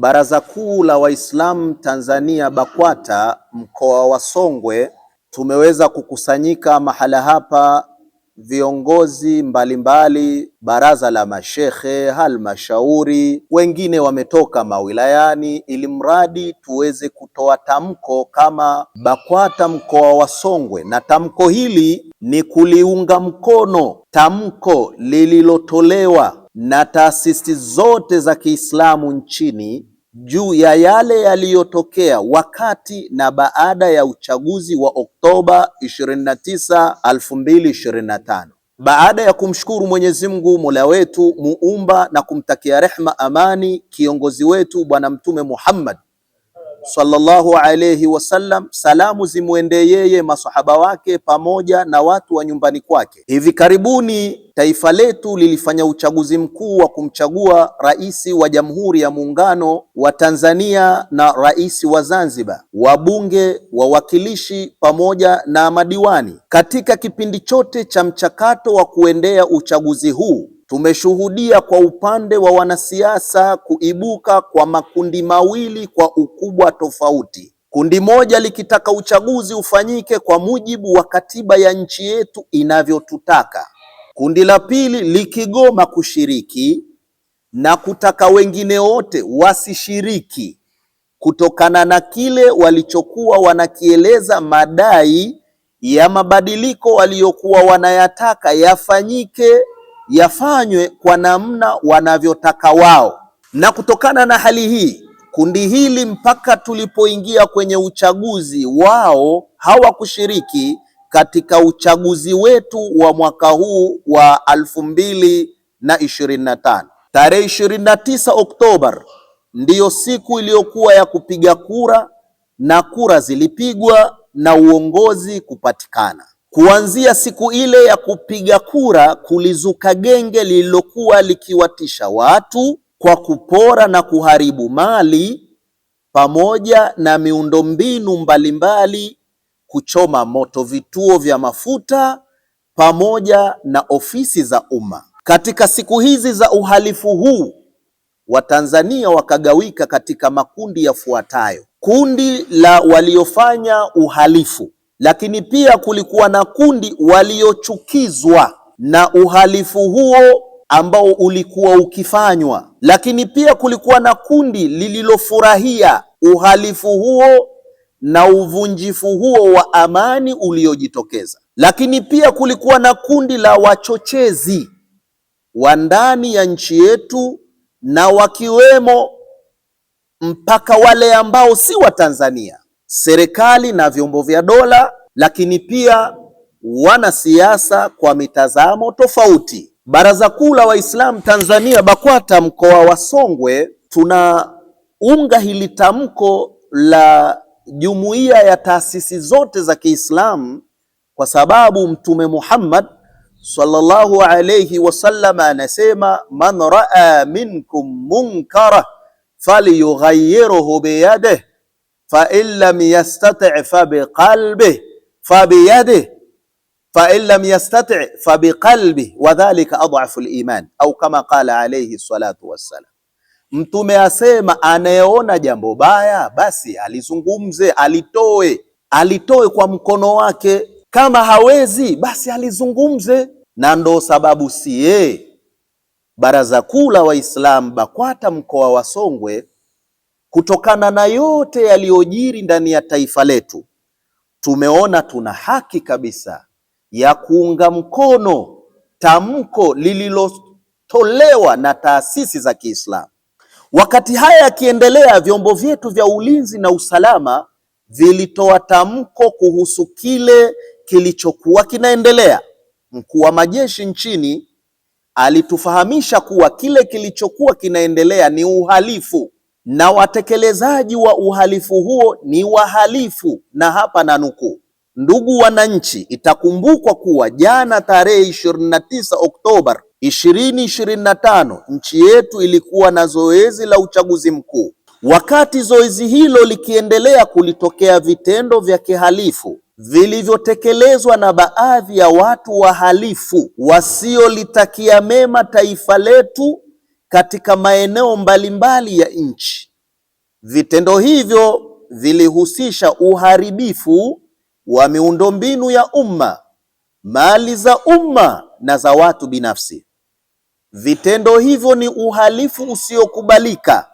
Baraza Kuu la Waislamu Tanzania BAKWATA mkoa wa Songwe tumeweza kukusanyika mahala hapa viongozi mbalimbali mbali, baraza la mashekhe, halmashauri, wengine wametoka mawilayani, ili mradi tuweze kutoa tamko kama BAKWATA mkoa wa Songwe, na tamko hili ni kuliunga mkono tamko lililotolewa na taasisi zote za Kiislamu nchini juu ya yale yaliyotokea wakati na baada ya uchaguzi wa Oktoba 29, 2025. Baada ya kumshukuru Mwenyezi Mungu Mola wetu muumba na kumtakia rehma amani kiongozi wetu Bwana Mtume Muhammad sallallahu alayhi wasallam, salamu zimwendee yeye, masahaba wake, pamoja na watu wa nyumbani kwake. Hivi karibuni taifa letu lilifanya uchaguzi mkuu wa kumchagua rais wa Jamhuri ya Muungano wa Tanzania na rais wa Zanzibar, wabunge, wawakilishi pamoja na madiwani. Katika kipindi chote cha mchakato wa kuendea uchaguzi huu tumeshuhudia kwa upande wa wanasiasa kuibuka kwa makundi mawili kwa ukubwa tofauti. Kundi moja likitaka uchaguzi ufanyike kwa mujibu wa katiba ya nchi yetu inavyotutaka Kundi la pili likigoma kushiriki na kutaka wengine wote wasishiriki kutokana na kile walichokuwa wanakieleza, madai ya mabadiliko waliokuwa wanayataka yafanyike, yafanywe kwa namna wanavyotaka wao. Na kutokana na hali hii, kundi hili mpaka tulipoingia kwenye uchaguzi wao hawakushiriki katika uchaguzi wetu wa mwaka huu wa elfu mbili na ishirini na tano. Tarehe ishirini na tisa Oktoba ndiyo siku iliyokuwa ya kupiga kura na kura zilipigwa na uongozi kupatikana. Kuanzia siku ile ya kupiga kura, kulizuka genge lililokuwa likiwatisha watu kwa kupora na kuharibu mali pamoja na miundombinu mbalimbali kuchoma moto vituo vya mafuta pamoja na ofisi za umma. Katika siku hizi za uhalifu huu, Watanzania wakagawika katika makundi yafuatayo: kundi la waliofanya uhalifu, lakini pia kulikuwa na kundi waliochukizwa na uhalifu huo ambao ulikuwa ukifanywa, lakini pia kulikuwa na kundi lililofurahia uhalifu huo na uvunjifu huo wa amani uliojitokeza. Lakini pia kulikuwa na kundi la wachochezi wa ndani ya nchi yetu, na wakiwemo mpaka wale ambao si wa Tanzania, serikali na vyombo vya dola, lakini pia wanasiasa kwa mitazamo tofauti. Baraza Kuu la Waislamu Tanzania BAKWATA mkoa wa Songwe tunaunga hili tamko la jumuiya ya taasisi zote za Kiislamu kwa sababu Mtume Muhammad sallallahu alayhi wasallam anasema, man raa minkum munkara falyughayyirhu fa in lam yastati' fa fa fabiqalbihi fa in lam yastati' fa fabiqalbihi wadhalika adhafu al-iman au kama qala alayhi salatu wassalam. Mtume asema anayeona jambo baya basi alizungumze, alitoe, alitoe kwa mkono wake. Kama hawezi basi alizungumze, na ndo sababu siye Baraza Kuu la Waislamu BAKWATA mkoa wa Songwe, kutokana na yote yaliyojiri ndani ya taifa letu, tumeona tuna haki kabisa ya kuunga mkono tamko lililotolewa na taasisi za Kiislamu Wakati haya yakiendelea, vyombo vyetu vya ulinzi na usalama vilitoa tamko kuhusu kile kilichokuwa kinaendelea. Mkuu wa majeshi nchini alitufahamisha kuwa kile kilichokuwa kinaendelea ni uhalifu na watekelezaji wa uhalifu huo ni wahalifu, na hapa na nukuu: ndugu wananchi, itakumbukwa kuwa jana tarehe 29 Oktoba ishirini ishirini na tano nchi yetu ilikuwa na zoezi la uchaguzi mkuu. Wakati zoezi hilo likiendelea, kulitokea vitendo vya kihalifu vilivyotekelezwa na baadhi ya watu wahalifu wasiolitakia mema taifa letu katika maeneo mbalimbali ya nchi. Vitendo hivyo vilihusisha uharibifu wa miundombinu ya umma, mali za umma na za watu binafsi. Vitendo hivyo ni uhalifu usiokubalika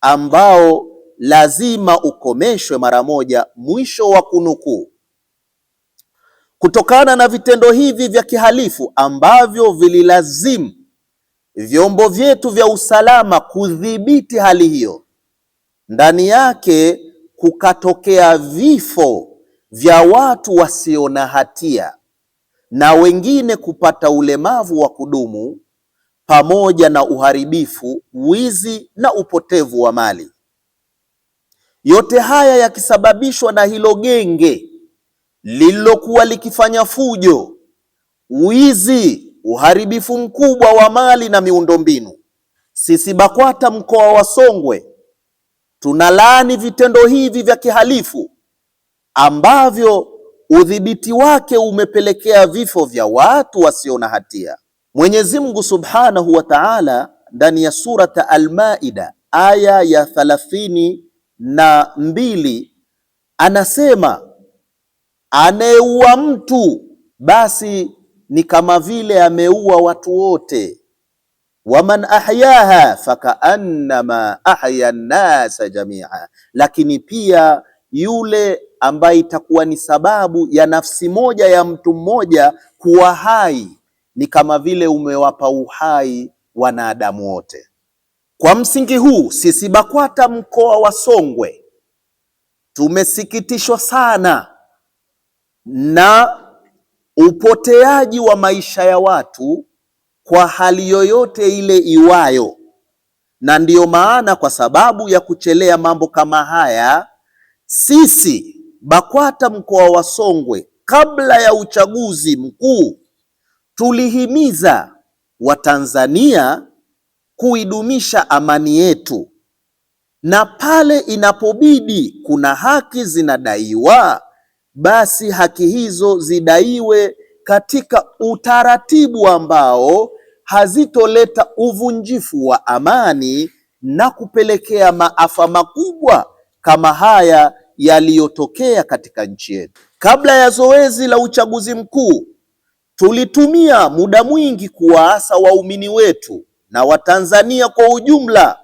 ambao lazima ukomeshwe mara moja. Mwisho wa kunukuu. Kutokana na vitendo hivi vya kihalifu ambavyo vililazimu vyombo vyetu vya usalama kudhibiti hali hiyo, ndani yake kukatokea vifo vya watu wasio na hatia na wengine kupata ulemavu wa kudumu pamoja na uharibifu, wizi na upotevu wa mali. Yote haya yakisababishwa na hilo genge lililokuwa likifanya fujo, wizi, uharibifu mkubwa wa mali na miundombinu. Sisi BAKWATA mkoa wa Songwe tunalaani vitendo hivi vya kihalifu ambavyo udhibiti wake umepelekea vifo vya watu wasio na hatia. Mwenyezi Mungu Subhanahu wa Ta'ala ndani ya surata Al-Maida aya ya thalathini na mbili anasema anayeua mtu basi ni kama vile ameua watu wote, waman ahyaha fakaannama ahya nnasa jamia, lakini pia yule ambaye itakuwa ni sababu ya nafsi moja ya mtu mmoja kuwa hai ni kama vile umewapa uhai wanadamu wote. Kwa msingi huu, sisi BAKWATA mkoa wa Songwe tumesikitishwa sana na upoteaji wa maisha ya watu kwa hali yoyote ile iwayo, na ndiyo maana kwa sababu ya kuchelea mambo kama haya, sisi BAKWATA mkoa wa Songwe kabla ya uchaguzi mkuu tulihimiza Watanzania kuidumisha amani yetu, na pale inapobidi kuna haki zinadaiwa, basi haki hizo zidaiwe katika utaratibu ambao hazitoleta uvunjifu wa amani na kupelekea maafa makubwa kama haya yaliyotokea katika nchi yetu. Kabla ya zoezi la uchaguzi mkuu Tulitumia muda mwingi kuwaasa waumini wetu na Watanzania kwa ujumla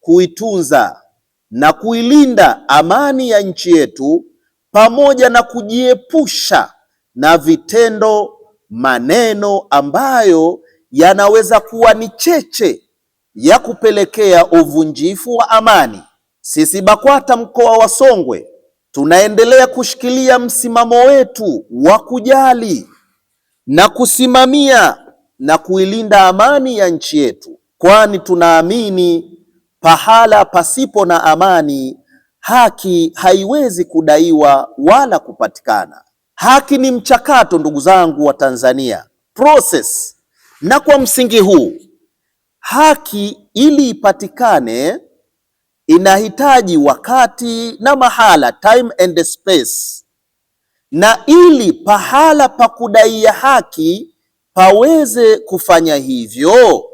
kuitunza na kuilinda amani ya nchi yetu pamoja na kujiepusha na vitendo, maneno ambayo yanaweza kuwa ni cheche ya kupelekea uvunjifu wa amani. Sisi BAKWATA mkoa wa Songwe tunaendelea kushikilia msimamo wetu wa kujali na kusimamia na kuilinda amani ya nchi yetu, kwani tunaamini pahala pasipo na amani haki haiwezi kudaiwa wala kupatikana. Haki ni mchakato, ndugu zangu wa Tanzania, process. Na kwa msingi huu haki ili ipatikane inahitaji wakati na mahala, time and space na ili pahala pa kudaia haki paweze kufanya hivyo,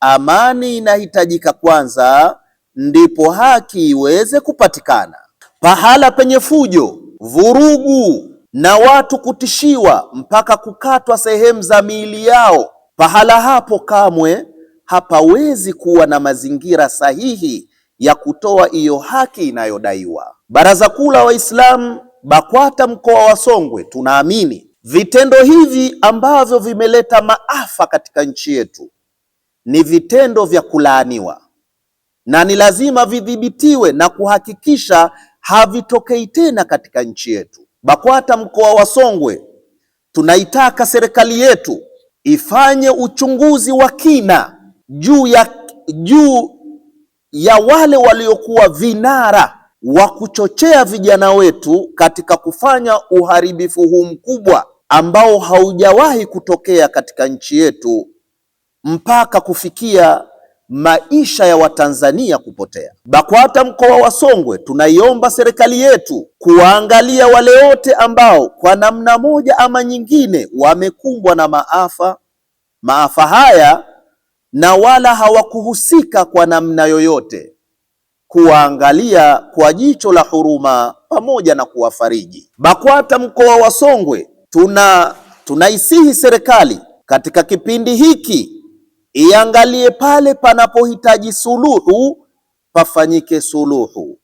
amani inahitajika kwanza, ndipo haki iweze kupatikana. Pahala penye fujo, vurugu na watu kutishiwa mpaka kukatwa sehemu za miili yao, pahala hapo kamwe hapawezi kuwa na mazingira sahihi ya kutoa hiyo haki inayodaiwa. Baraza Kuu la Waislamu BAKWATA mkoa wa Songwe tunaamini vitendo hivi ambavyo vimeleta maafa katika nchi yetu ni vitendo vya kulaaniwa na ni lazima vidhibitiwe na kuhakikisha havitokei tena katika nchi yetu. BAKWATA mkoa wa Songwe tunaitaka serikali yetu ifanye uchunguzi wa kina juu ya, juu ya wale waliokuwa vinara wa kuchochea vijana wetu katika kufanya uharibifu huu mkubwa ambao haujawahi kutokea katika nchi yetu mpaka kufikia maisha ya Watanzania kupotea. BAKWATA mkoa wa Songwe, tunaiomba serikali yetu kuwaangalia wale wote ambao kwa namna moja ama nyingine wamekumbwa na maafa maafa haya na wala hawakuhusika kwa namna yoyote kuwaangalia kwa jicho la huruma pamoja na kuwafariji. BAKWATA mkoa wa Songwe tuna tunaisihi serikali katika kipindi hiki iangalie pale panapohitaji suluhu pafanyike suluhu,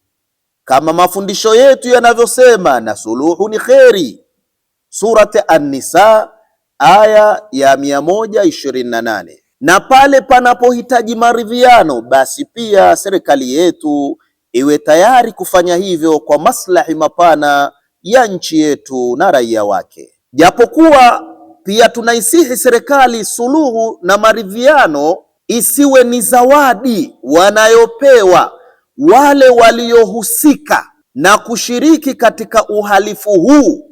kama mafundisho yetu yanavyosema, na suluhu ni kheri. Surate An-Nisa aya ya 128 na pale panapohitaji maridhiano, basi pia serikali yetu iwe tayari kufanya hivyo kwa maslahi mapana ya nchi yetu na raia wake. Japokuwa pia tunaisihi serikali, suluhu na maridhiano isiwe ni zawadi wanayopewa wale waliohusika na kushiriki katika uhalifu huu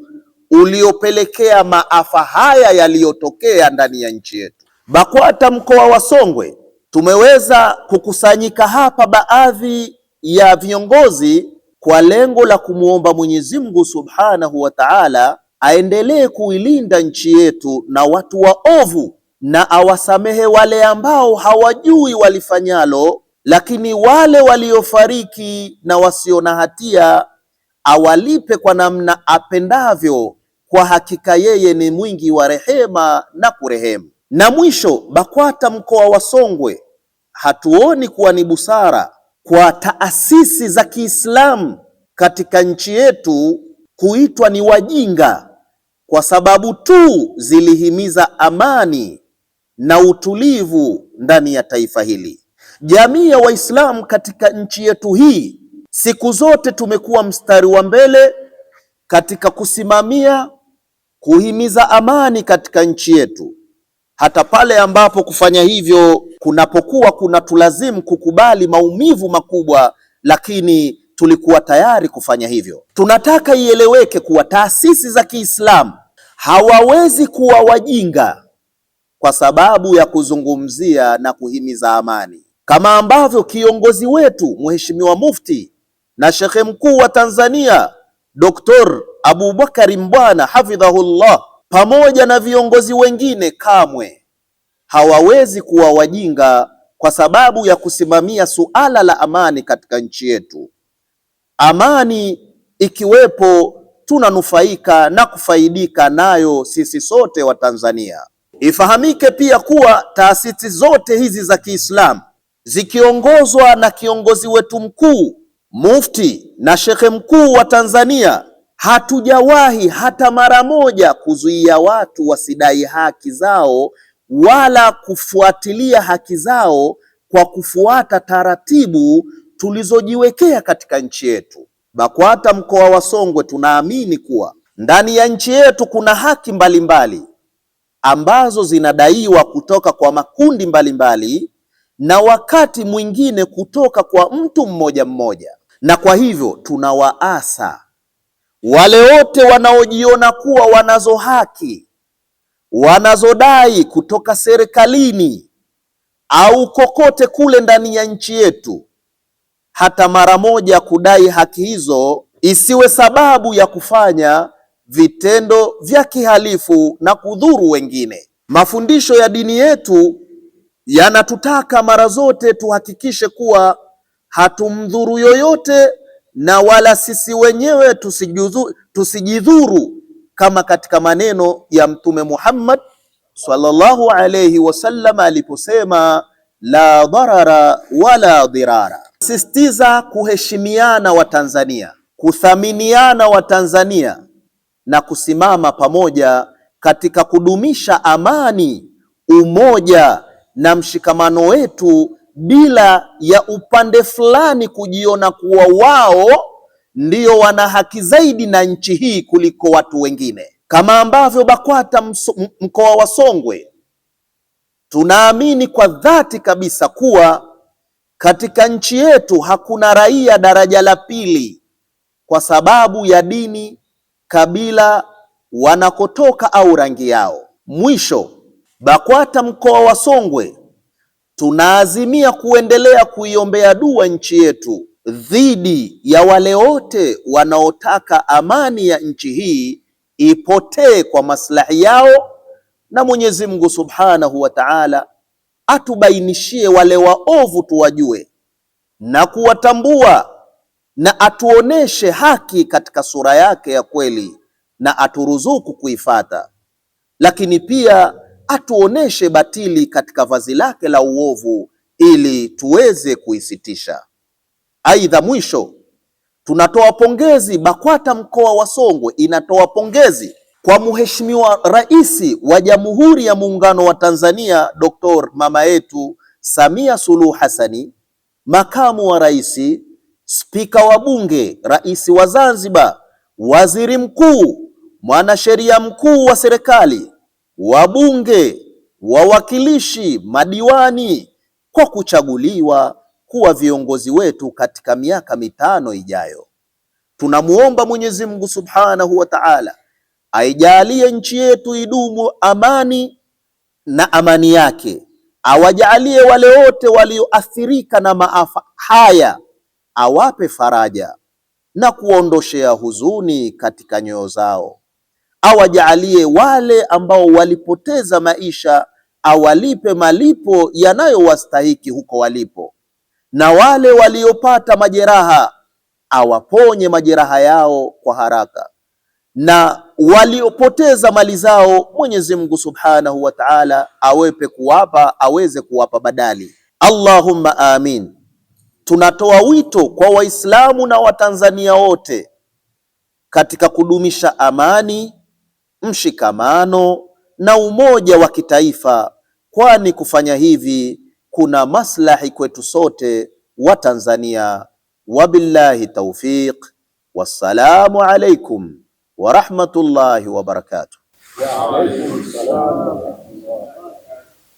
uliopelekea maafa haya yaliyotokea ndani ya nchi yetu. BAKWATA mkoa wa Songwe tumeweza kukusanyika hapa baadhi ya viongozi kwa lengo la kumwomba Mwenyezi Mungu Subhanahu wa Ta'ala aendelee kuilinda nchi yetu na watu waovu na awasamehe wale ambao hawajui walifanyalo, lakini wale waliofariki na wasio na hatia awalipe kwa namna apendavyo. Kwa hakika yeye ni mwingi wa rehema na kurehemu. Na mwisho BAKWATA mkoa wa Songwe, hatuoni kuwa ni busara kwa taasisi za Kiislamu katika nchi yetu kuitwa ni wajinga kwa sababu tu zilihimiza amani na utulivu ndani ya taifa hili. Jamii ya Waislamu katika nchi yetu hii siku zote tumekuwa mstari wa mbele katika kusimamia kuhimiza amani katika nchi yetu hata pale ambapo kufanya hivyo kunapokuwa kuna tulazimu kukubali maumivu makubwa, lakini tulikuwa tayari kufanya hivyo. Tunataka ieleweke kuwa taasisi za Kiislamu hawawezi kuwa wajinga kwa sababu ya kuzungumzia na kuhimiza amani, kama ambavyo kiongozi wetu Mheshimiwa Mufti na Shekhe Mkuu wa Tanzania Dr. Abubakari Mbwana hafidhahullah pamoja na viongozi wengine kamwe hawawezi kuwa wajinga kwa sababu ya kusimamia suala la amani katika nchi yetu. Amani ikiwepo tunanufaika na kufaidika nayo sisi sote wa tanzania Ifahamike pia kuwa taasisi zote hizi za Kiislamu zikiongozwa na kiongozi wetu mkuu Mufti na Shekhe mkuu wa Tanzania Hatujawahi hata mara moja kuzuia watu wasidai haki zao wala kufuatilia haki zao kwa kufuata taratibu tulizojiwekea katika nchi yetu. BAKWATA mkoa wa Songwe tunaamini kuwa ndani ya nchi yetu kuna haki mbalimbali mbali ambazo zinadaiwa kutoka kwa makundi mbalimbali mbali, na wakati mwingine kutoka kwa mtu mmoja mmoja, na kwa hivyo tunawaasa wale wote wanaojiona kuwa wanazo haki wanazodai kutoka serikalini au kokote kule ndani ya nchi yetu, hata mara moja kudai haki hizo isiwe sababu ya kufanya vitendo vya kihalifu na kudhuru wengine. Mafundisho ya dini yetu yanatutaka mara zote tuhakikishe kuwa hatumdhuru yoyote na wala sisi wenyewe tusijidhuru kama katika maneno ya Mtume Muhammad sallallahu alayhi wasallam aliposema la dharara wala dhirara. Sistiza kuheshimiana Watanzania, kuthaminiana Watanzania na kusimama pamoja katika kudumisha amani, umoja na mshikamano wetu bila ya upande fulani kujiona kuwa wao ndio wana haki zaidi na nchi hii kuliko watu wengine, kama ambavyo BAKWATA mkoa wa Songwe tunaamini kwa dhati kabisa kuwa katika nchi yetu hakuna raia daraja la pili kwa sababu ya dini, kabila, wanakotoka au rangi yao. Mwisho, BAKWATA mkoa wa Songwe tunaazimia kuendelea kuiombea dua nchi yetu dhidi ya wale wote wanaotaka amani ya nchi hii ipotee kwa maslahi yao, na Mwenyezi Mungu Subhanahu wa Ta'ala atubainishie wale waovu tuwajue na kuwatambua na atuoneshe haki katika sura yake ya kweli na aturuzuku kuifata, lakini pia atuoneshe batili katika vazi lake la uovu ili tuweze kuisitisha. Aidha, mwisho tunatoa pongezi, BAKWATA mkoa wa Songwe inatoa pongezi kwa Mheshimiwa Rais wa Jamhuri ya Muungano wa Tanzania Dr. mama yetu Samia Suluhu Hassani, makamu wa rais, spika wa Bunge, rais wa Zanzibar, waziri mkuu, mwanasheria mkuu wa serikali wabunge, wawakilishi, madiwani kwa kuchaguliwa kuwa viongozi wetu katika miaka mitano ijayo. Tunamuomba Mwenyezi Mungu Subhanahu wa Ta'ala aijalie nchi yetu idumu amani na amani yake, awajalie wale wote walioathirika na maafa haya, awape faraja na kuondoshea huzuni katika nyoyo zao awajaalie wale ambao walipoteza maisha awalipe malipo yanayowastahiki huko walipo, na wale waliopata majeraha awaponye majeraha yao kwa haraka, na waliopoteza mali zao Mwenyezi Mungu Subhanahu wa Ta'ala awepe kuwapa aweze kuwapa badali. Allahumma amin. Tunatoa wito kwa Waislamu na Watanzania wote katika kudumisha amani mshikamano na umoja wa kitaifa, kwani kufanya hivi kuna maslahi kwetu sote wa Tanzania. Wabillahi taufiq, wassalamu alaikum warahmatullahi wabarakatuh.